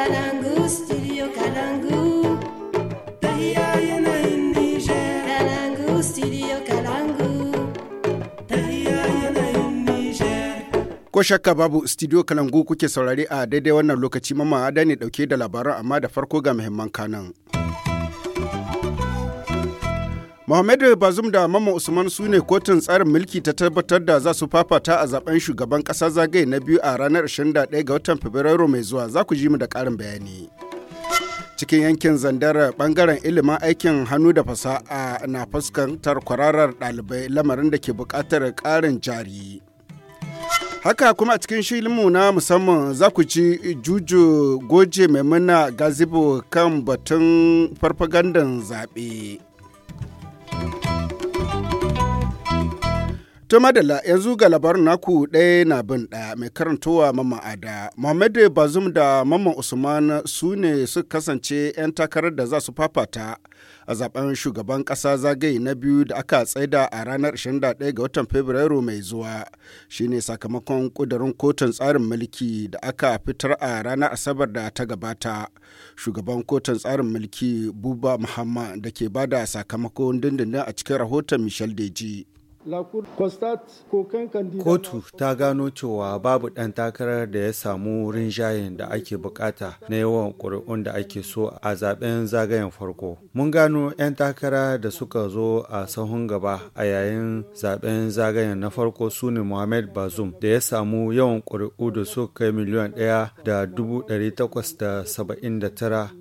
Kalangu, studio Kalangu. Tahiya yana yin Niger. Kalangu, studio Kalangu. Tahiya yana yin Niger. Ko shakka babu studio Kalangu kuke saurari a daidai wannan lokaci mama ada ne ɗauke da labaran amma da farko ga muhimman kanan. Muhammadu Bazum da Mama Usman su ne kotun tsarin mulki ta tabbatar da za su fafata a zaben shugaban ƙasa zagaye na biyu a ranar 21 ga watan Fabrairu mai zuwa za ku ji mu da ƙarin bayani. cikin yankin zandar bangaren ilimin aikin hannu da fasaha na fuskantar kwararar ɗalibai lamarin da ke buƙatar ƙarin jari haka kuma a cikin shilinmu na musamman za ku ci juju goje maimuna gazibo kan batun farfagandan zaɓe Bye. To madalla yanzu ga labarin naku ɗaya na bin ɗaya mai karantowa mamma ada. Muhammadu Bazum da mamman Usman su ne su kasance 'yan takarar da za su fafata a zaben shugaban ƙasa zagaye na biyu da aka tsaida a ranar 21 ga watan Fabrairu mai zuwa. Shi ne sakamakon ƙudurin kotun tsarin mulki da aka fitar a ranar Asabar da ta gabata. Shugaban kotun tsarin mulki Buba Muhammad da ke bada sakamakon dindindin a cikin rahoton Michel Deji. Kotu ta gano cewa babu ɗan takarar da ya samu rinjayen da ake bukata na yawan ƙuri'un da ake so a zaben zagayen farko. Mun gano 'yan takara da suka zo a sahun gaba a yayin zaben zagayen na farko su ne Mohamed Bazoum da ya samu yawan ƙuri'u da suka kai miliyan ɗaya da dubu da saba'in da tara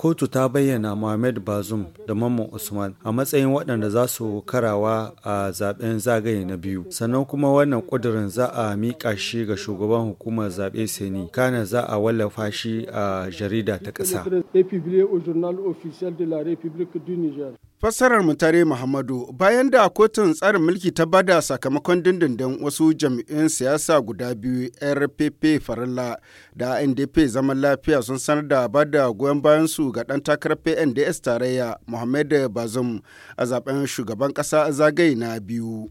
kotu ta bayyana Mohamed Bazoum da Mamman Usman a matsayin waɗanda za su karawa a zaben zagaye na biyu. Sannan kuma wannan ƙudurin za a miƙa shi ga shugaban hukumar zaɓe Seni, kana za a wallafa shi a jarida ta ƙasa. Fassarar Mutare Muhammadu bayan da kotun tsarin mulki ta bada sakamakon dindindin wasu jam'iyyun siyasa guda biyu RPP Farilla da NDP zaman lafiya sun sanar da bada goyon bayansu ga ɗan takarar PNDS tarayya Mohammed Bazum a zaben shugaban ƙasa zagaye na biyu.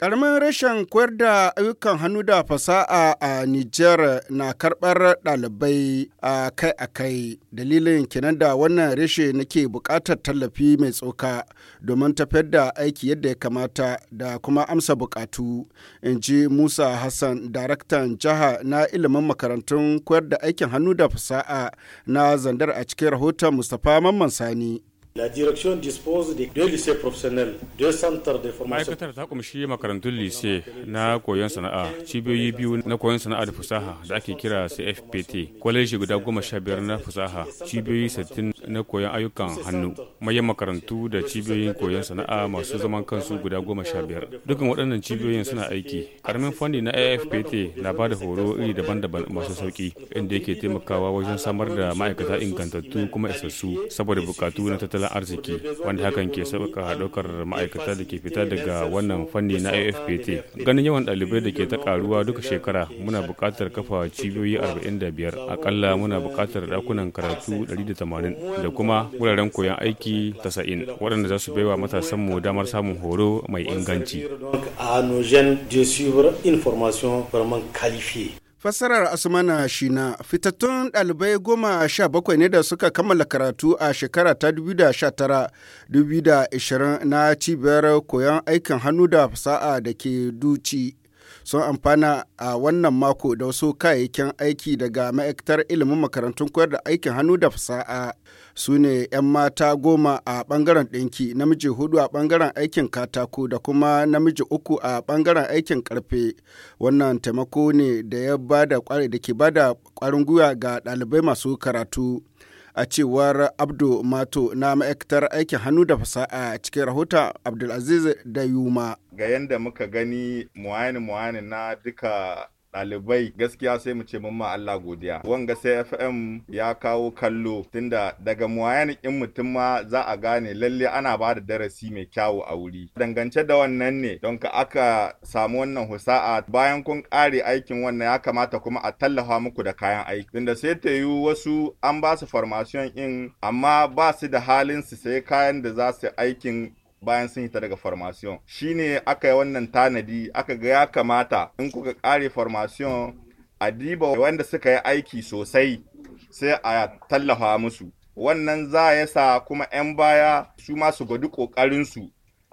Karamin rashin koyar da ayyukan hannu da fasaha a Nijar na karɓar ɗalibai a kai a kai. Dalilin kenan da wannan reshe nake buƙatar tallafi mai tsoka domin tafiyar da aiki yadda ya kamata da kuma amsa buƙatu. In ji Musa Hassan, daraktan jiha na ilimin makarantun koyar da aikin hannu da fasaha na zandar a cikin rahoton Mustapha Mamman Sani. La direction dispose de deux lycées professionnels, deux centres de formation. Ma'aikatar ta kumshi makarantun lise na koyon sana'a, cibiyoyi biyu na koyon sana'a da fusaha da ake kira CFPT, kwaleji guda goma sha biyar na fasaha, cibiyoyi sittin na koyon ayyukan hannu, mayan makarantu da cibiyoyin koyon sana'a masu zaman kansu guda goma sha biyar. Dukkan waɗannan cibiyoyin suna aiki. Karamin fanni na AFPT na ba da horo iri daban-daban masu sauƙi, inda yake taimakawa wajen samar da ma'aikata ingantattu kuma isassu saboda bukatu na tattalin tattalin arziki wanda hakan ke sauƙaƙa haɗaukar ma'aikata da ke fita daga wannan fanni na afpt ganin yawan ɗalibai da ke ta karuwa duka shekara muna buƙatar kafa cibiyoyi arba'in da 45 akalla muna buƙatar ɗakunan karatu 180 da tamanin da kuma wuraren koyon aiki 90 waɗanda za su baiwa mu damar samun horo mai inganci. Fassarar Asmana Shina fitattun ɗalibai goma sha bakwai ne da suka kammala karatu a shekara ta 2019-2020 na cibiyar koyon aikin hannu da fasa'a da ke Duci. Sun amfana a wannan mako da wasu kayayyakin aiki daga ma'aikatar ilimin makarantun koyar da aikin hannu da fasa'a. su ne 'yan mata goma a ɓangaren ɗinki namiji hudu a ɓangaren aikin katako da kuma namiji uku a ɓangaren aikin karfe wannan taimako ne da ya ba da ke bada ƙwarin gwiwa ga ɗalibai masu karatu a cewar abdu mato na ma'aikatar aikin hannu da fasaha a cikin rahoton abdulaziz da yuma ga yadda muka gani muwani muwani na duka ɗalibai gaskiya sai mu ce mun ma Allah godiya wanga sai FM ya kawo kallo tunda daga muwayan in mutum ma za a gane lalle ana ba da darasi mai kyawu a wuri dangance da wannan ne don ka aka samu wannan husa'a bayan kun ƙare aikin wannan ya kamata kuma a tallafa muku da kayan aiki tunda sai ta yi wasu an ba su farmasiyon in amma ba su da halin su sai kayan da za su aikin bayan sun yi daga formation shine aka yi wannan tanadi aka ga ya kamata in kuka kare formation a diba wanda suka yi aiki sosai sai a tallafa musu wannan za ya sa kuma 'yan baya su ma su gwadi ƙoƙarinsu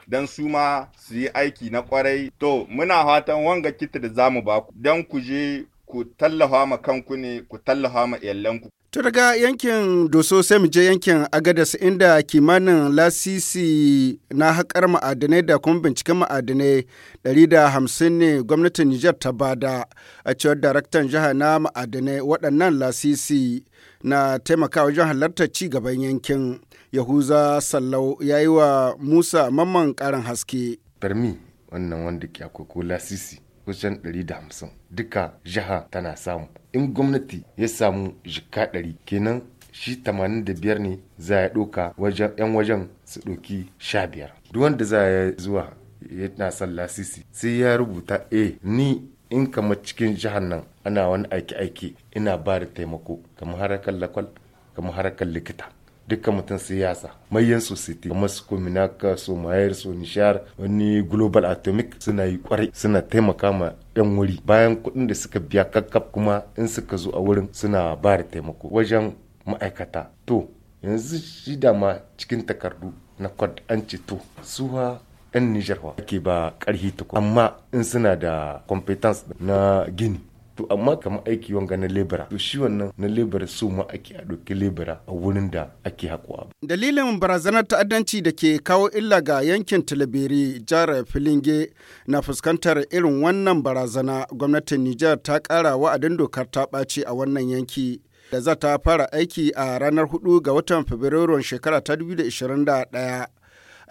don su ma su yi aiki na kwarai. To, muna fatan wanga kita da za mu baku, don ku je ku tallafa ma kanku ne, ku tallafa ma iyalanku. To daga yankin Doso sai mu je yankin Agadas inda kimanin lasisi na haƙar ma'adanai da kuma binciken ma'adanai 150 ne gwamnatin Nijar ta bada a cewar daraktan jiha na ma'adanai waɗannan lasisi na taimakawa wajen halartar ci gaban yankin. Yahuza Sallau ya yi wa Musa mamman ƙarin haske. Barmi wannan wanda ke akwai ko lasisi kusan 150 duka jiha tana samu. in gwamnati ya samu jika ɗari kenan shi tamanin da biyar ne za ya ɗauka wajen 'yan wajen su ɗoki sha biyar duk wanda za ya zuwa yana son lasisi sai ya rubuta a eh, ni in kama cikin jihar nan ana wani aiki-aiki ina ba da taimako kamar harakar lakwal kamar harakar likita dukkan mutum siyasa mayan society kamar su kominaka su mayar su nishar wani global atomic suna yi kwarai suna taimaka ma yan wuri bayan kuɗin da suka biya kakkaf kuma in suka zo a wurin suna ba da taimako wajen ma'aikata to yanzu shi ma cikin takardu na kwad an ceto suwa 'yan Nijar ake ba karhi tuku amma in suna da competence na gini to amma kamar aiki wanga na lebura to shi wannan na lebura su ma ake a ɗauki lebura a wurin da ake haƙuwa. dalilin barazanar ta'addanci da ke kawo illa ga yankin talabiri jihar filinge na fuskantar irin wannan barazana gwamnatin nijar ta ƙara wa'adin dokar ta ɓace a wannan yanki da za ta fara aiki a ranar hudu ga watan fabrairun shekara ta 2021 a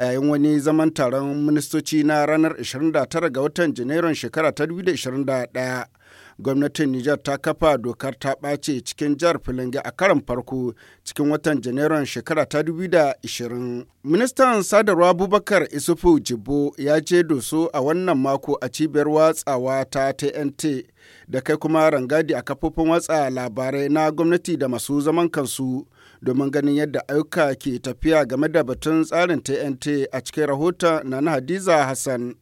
yayin wani zaman taron ministoci na ranar 29 ga watan janairun shekara ta 2021 gwamnatin Nijar ta kafa dokar ta ɓace cikin jihar Filinga a karan farko cikin watan Janairun shekara ta 2020. Ministan sadarwa Abubakar Isufu Jibo ya je doso a wannan mako a cibiyar watsawa ta TNT da kai kuma rangadi a kafofin watsa labarai na gwamnati da masu zaman kansu domin ganin yadda ayyuka ke tafiya game da batun tsarin TNT a cikin rahoton na Hadiza Hassan.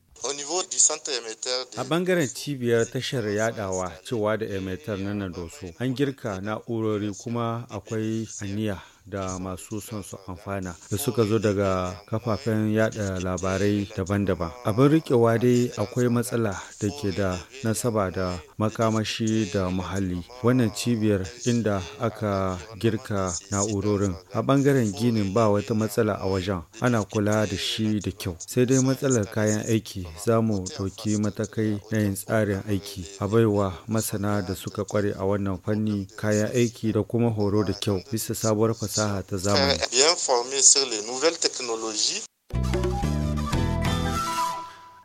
A bangaren cibiyar tashar yadawa cewa da emitar na Nadoso, an girka na'urori kuma akwai aniya da masu son su amfana da suka zo daga kafafen yada labarai daban-daban abin rikewa dai akwai matsala da ke da nasaba da makamashi da muhalli wannan cibiyar inda aka girka na'urorin a bangaren ginin ba wata matsala a wajen ana kula da shi da kyau sai dai matsalar kayan aiki za mu ɗauki matakai na yin tsarin aiki a baiwa masana da suka kware a wannan fanni kayan aiki da kuma horo da kyau bisa sabuwar fasaha fasaha ta eh, zamani.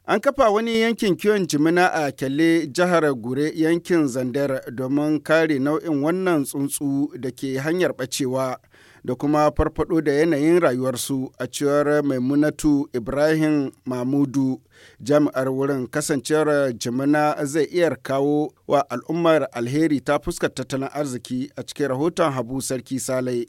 An kafa wani yankin kiwon jimina a kyalle jihar Gure yankin Zandar domin kare nau'in wannan tsuntsu da ke hanyar bacewa da kuma farfado da yanayin rayuwarsu a cewar Maimunatu Ibrahim Mamudu jami'ar wurin kasancewar jimina zai iya kawo wa al'ummar alheri ta fuskar tattalin arziki a cikin rahoton Habu Sarki Salai.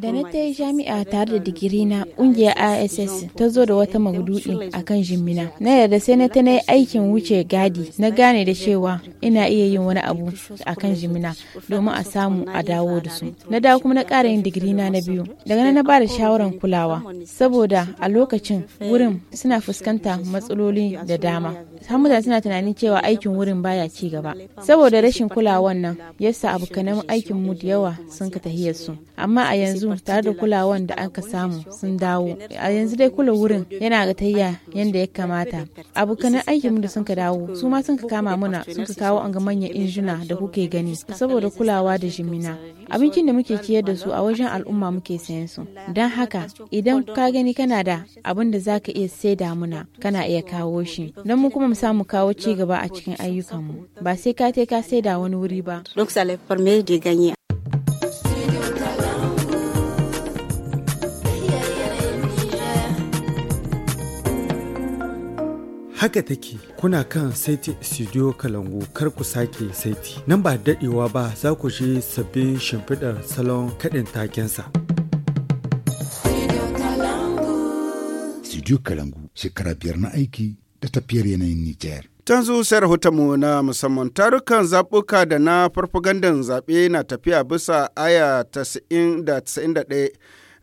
Da na ta yi jami'a tare da digiri na ƙungiyar ISS ta zo da wata magudu'i a kan jimina. Na yarda sai na ta na yi aikin wuce gadi na gane da cewa ina iya yin wani abu a kan jimina domin a samu a dawo da su. Na dawo kuma na ƙara yin digiri na na biyu. Daga nan na ba da shawaran kulawa saboda a lokacin wurin suna fuskanta matsaloli da dama. Har mutane suna tunanin cewa aikin wurin baya ci gaba. Saboda rashin kulawan nan yasa abokanan aikin mu da yawa sun ka tahiyar su amma a yanzu tare da kulawan da aka samu sun dawo a yanzu dai kula wurin yana ga tahiya yadda ya kamata abokanan aikin da sun ka dawo su ma sun ka kama muna sun ka kawo an ga manyan injuna da kuke gani saboda kulawa da jimina abincin da muke ciyar da su a wajen al'umma muke sayan su don haka idan ka gani kana da abin da zaka iya sai saida muna kana iya kawo shi don mu kuma mu samu kawo ci gaba a cikin ayyukanmu ba sai ka ka saida wani wuri ba duk ça de haka take kuna kan saiti studio kalangu kar ku sake saiti nan ba dadewa ba za ku ji sabbin shimfiɗar salon kaɗin takensa. Studio Kalangu shekara biyar na aiki da tafiyar yanayin Nijar. Can zuciyar mu na musamman tarukan zaɓuka da na farfagandan zaɓe na tafiya bisa aya 90 da 91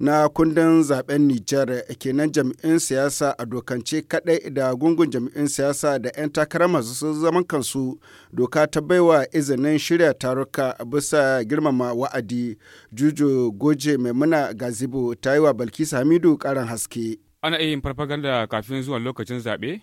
na kundin zaben Nijar kenan jami'in siyasa a dokance kadai da gungun jami'in siyasa da 'yan takara masu zaman kansu doka ta baiwa izinin shirya taruka bisa girmama wa'adi juju goje maimuna gazibo ta yi wa balkisa hamidu karin haske ana yin farfaganda kafin zuwan lokacin zaɓe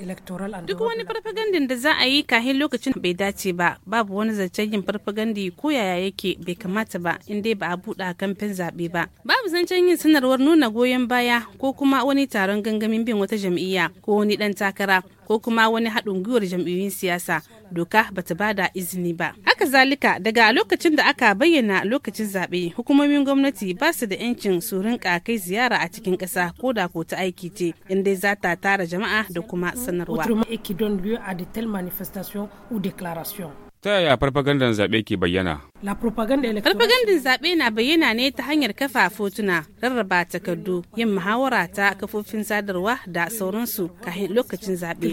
electoral Duk wani farfagandin da za a yi kahin lokacin bai dace ba, babu wani zancen yin farfagandi ko yaya yake bai kamata ba in dai ba a buɗa kamfen zaɓe ba. Babu zancen yin sanarwar nuna goyon baya ko kuma wani taron gangamin bin wata jam'iyya ko wani ɗan takara ko kuma wani haɗin gwiwar jam'iyyun siyasa doka bata bada izini ba haka zalika daga lokacin da aka bayyana lokacin zaɓe hukumomin gwamnati ba su da yancin su rinka kai ziyara a cikin ƙasa ko da ko ta aiki ce in dai za ta tara jama'a da kuma sanarwa. Ta yaya farfagandan zaɓe ke bayyana? Farfagandan zaɓe na bayyana ne ta hanyar kafa fotuna, rarraba takardu, yin muhawara ta kafofin sadarwa da sauransu kafin lokacin zaɓe.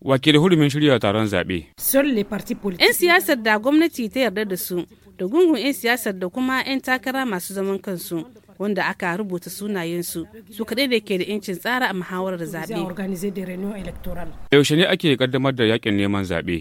Wakil hurumin shirya taron zaɓe. 'Yan siyasar da gwamnati ta yarda da su, da gungun 'yan siyasar da kuma 'yan takara masu zaman kansu. wanda aka rubuta sunayensu su kaɗai da ke da incin tsara a muhawarar zaɓe. Yaushe ne ake kaddamar da yakin neman zaɓe?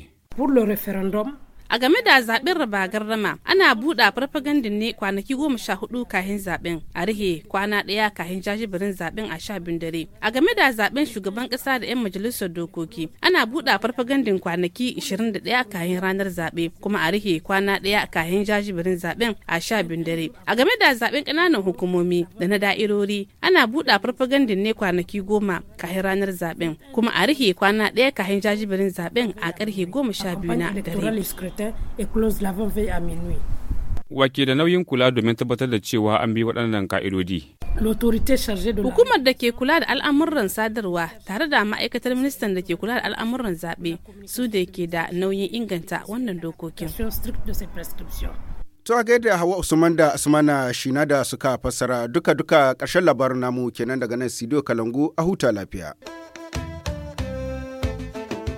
a game da zaben raba gardama ana buɗa farfagandin ne kwanaki goma sha hudu kahin zaben a rihe kwana ɗaya kahin jajibirin zaben a sha biyun dare a game da zaben shugaban ƙasa da 'yan majalisar dokoki ana buɗa farfagandin kwanaki 21 kahin ranar zaɓe kuma a rihe kwana ɗaya kahin jajibirin zaben a sha biyun dare a game da zaben ƙananan hukumomi da na da'irori ana buɗa farfagandin ne kwanaki goma kahin ranar zaben kuma a rihe kwana ɗaya kahin jajibirin zaben a ƙarfe goma sha biyu na dare. Wake da nauyin kula domin tabbatar da cewa an bi waɗannan ka'idodi. Hukumar da ke kula da al'amuran sadarwa tare da ma'aikatar ministan da ke kula da al'amuran zaɓe su da ke da nauyin inganta wannan dokokin. To a da Hawa Usman da Asmana Shina da suka fassara duka-duka karshen labarin namu kenan daga nan Sidiyo Kalangu a huta lafiya.